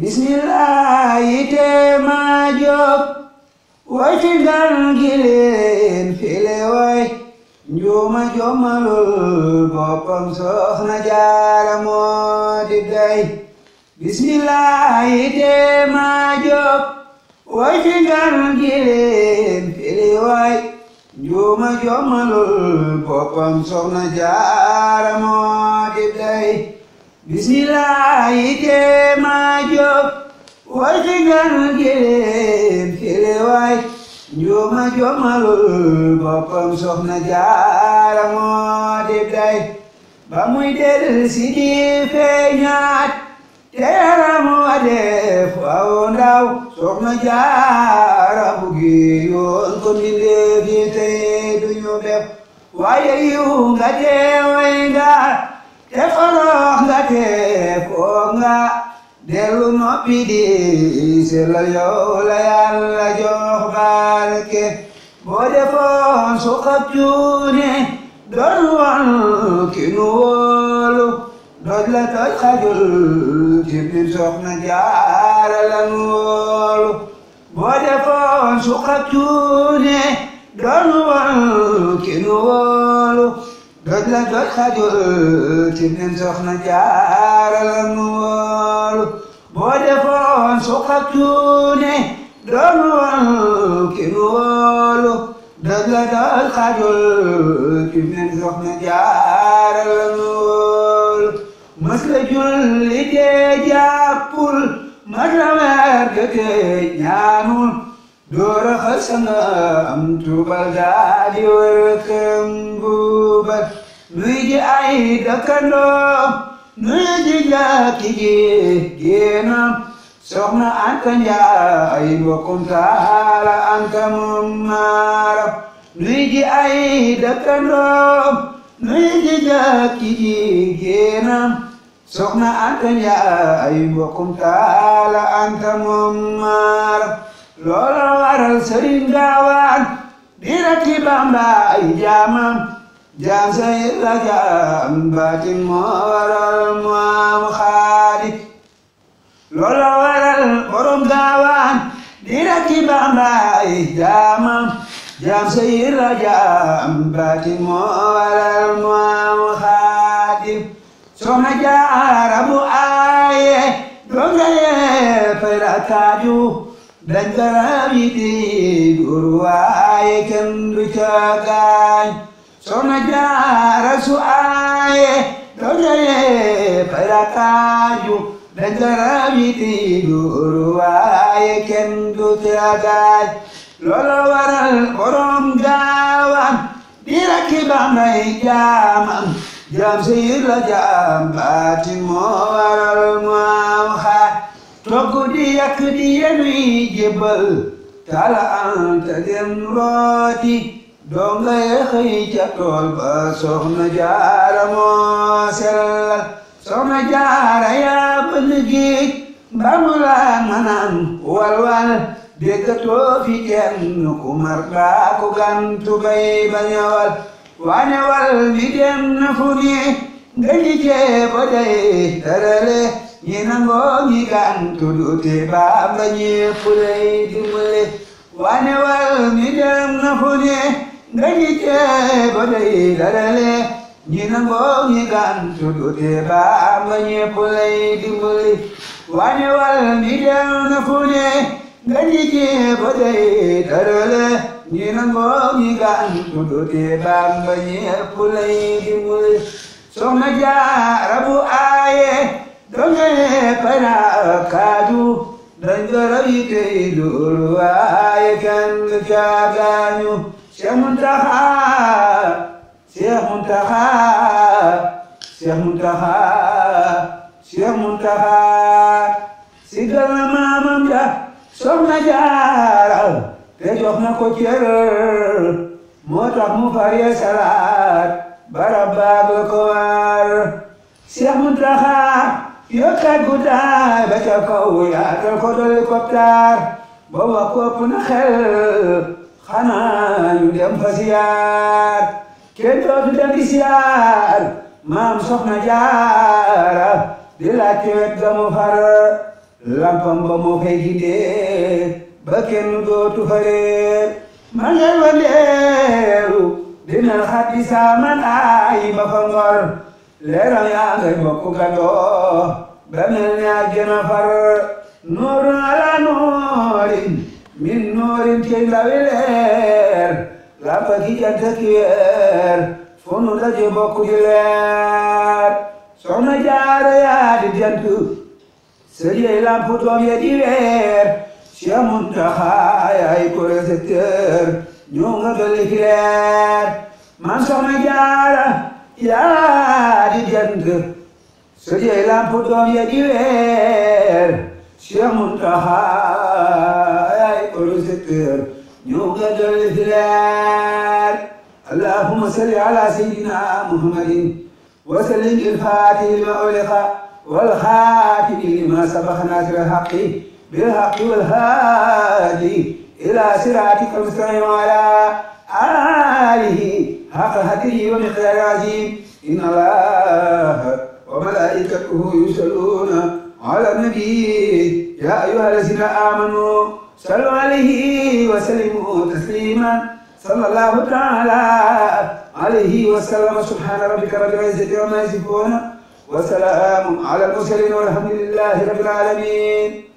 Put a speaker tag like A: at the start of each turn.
A: bismillaahi tee ma jóg way fi gan gi leen file way soxna jaara moo bismillaahi tee ma jóg way fi gan gi leen file way soxna jaara moo bismillaay tee ma jóg way te ganu gëléem këlewaay njooma joomalul boppam soxna jaara moo dib day ba muy del si di feeñaat te yaramu a def aw ndaw soxna jaara bugi yoon ko mbindeef yi tey duñu bépp waaye yu nga teewee nga te forox nga te foog nga dellu noppi di selo yow la yàlla jox barke boo defoon su xab cuune doon woon ki nu wóolu doon la toj xajul ci biir soxna jaara la nu wóolu boo su xab cuune doon woon ki doj la doj xajul ci nen soxna jaara la nu woolu boo defoon suq ak cuune doon woon ki nu woolu doj la doj xajul ci nen woolu mës la julli te jàppul mës la weer te ñaanul دور خسنا أم تبدالي وركم بوبت نويجي أي دكالو نويجي جاكي جينا سوغنا أنت يا أي بكم تعالى أنت ممارب نويجي أي دكالو نويجي جاكي جينا سوغنا أنت يا أي بكم تعالى أنت ممارب loola waral sëriñ gaawaan ay jaamam jaam gaawaan di rakki bamba jaamam jaam say la baatin moo waral mu am xaadi soxna jaara aaye doo nga yee fay dañ la rami di dur waaye du ca gaañ jaara su aaye dojee parakaaju dañ la rami di dur waaye kenn du ca gaañ loolu waral borom gaawam di rakki ba jaamam jaam seyir la jaam baati moo waral mu am xaar togg di yàkk di yenuy jébbal tala anta dem rooti doo nga xëy ca ba soxna jaara moo sellal soxna jaara yaa bënn géej mbamu laa nga naan walwal déggatoo fi kenn ku mar daa ko gantu bay bañawal waane wal mi dem na fu ni nga ji ceeba day tarale yéen a ngoo ñi gàntu duute baab la ñépp lay dimbale waane wal mi dem na fu ne nga ñi cee ba day dalale yéen a ngoo ñi gàntu duute baab la ñépp lay dimbale waane wal mi dem na fu ne nga ñi cee ba day dalale yéen a ngoo ñi gàntu duute baab la ñépp lay dimbale soxna jaara bu aaye dome pana kaadu dañ dara yi tey loolu waaye kenn caagaañu Cheikh Muntaxa Cheikh Muntaxa Cheikh Muntaxa Cheikh Muntaxa si gal na maamam ja soxna Jaara te jox na ko cër moo tax mu faree salaat barab baag ko waar Cheikh yokkaat guddaay ba ca kaw yaatal ko doli koptaar booba kopp na xel xanaa ñu dem fa siyaar kenn dootu dem di siyaar maam soxna jaara di laaj ci wet mu far lampam ba moo koy gindee ba kenn dootu fa réer ma ngel wa leeru dina xaddi saa man ba fa ngor leeral yaa ngay bokk gandoo ba mel ni àjjana far nuurun ala nuurin min nuurin ci lawi leer làmpa ki jant ki weer fu nu daje bokk di leer soxna jaara yaa di jant sëjey làmp doom ya di weer si amun taxaa yaay ko recepteur ñoo nga dolli ki leer man soxna jaara yaa di jàng so jey lamp doom ya di weer Cheikh Muntaxa yaay producteur ñu nga dolli fi leer allahumma salli ala sayyidina muhammadin wa sallim al-faatihi lima ughliqa والخاتم لما سبق ناصر الحق بالحق والهادي إلى صراطك المستقيم وعلى آله حق هديه ومقداره إن الله وملائكته يصلون على النبي يا أيها الذين آمنوا صلوا عليه وسلموا تسليما صلى الله تعالى عليه وسلم سبحان ربك رب العزة عما يصفون وسلام على المرسلين والحمد لله رب العالمين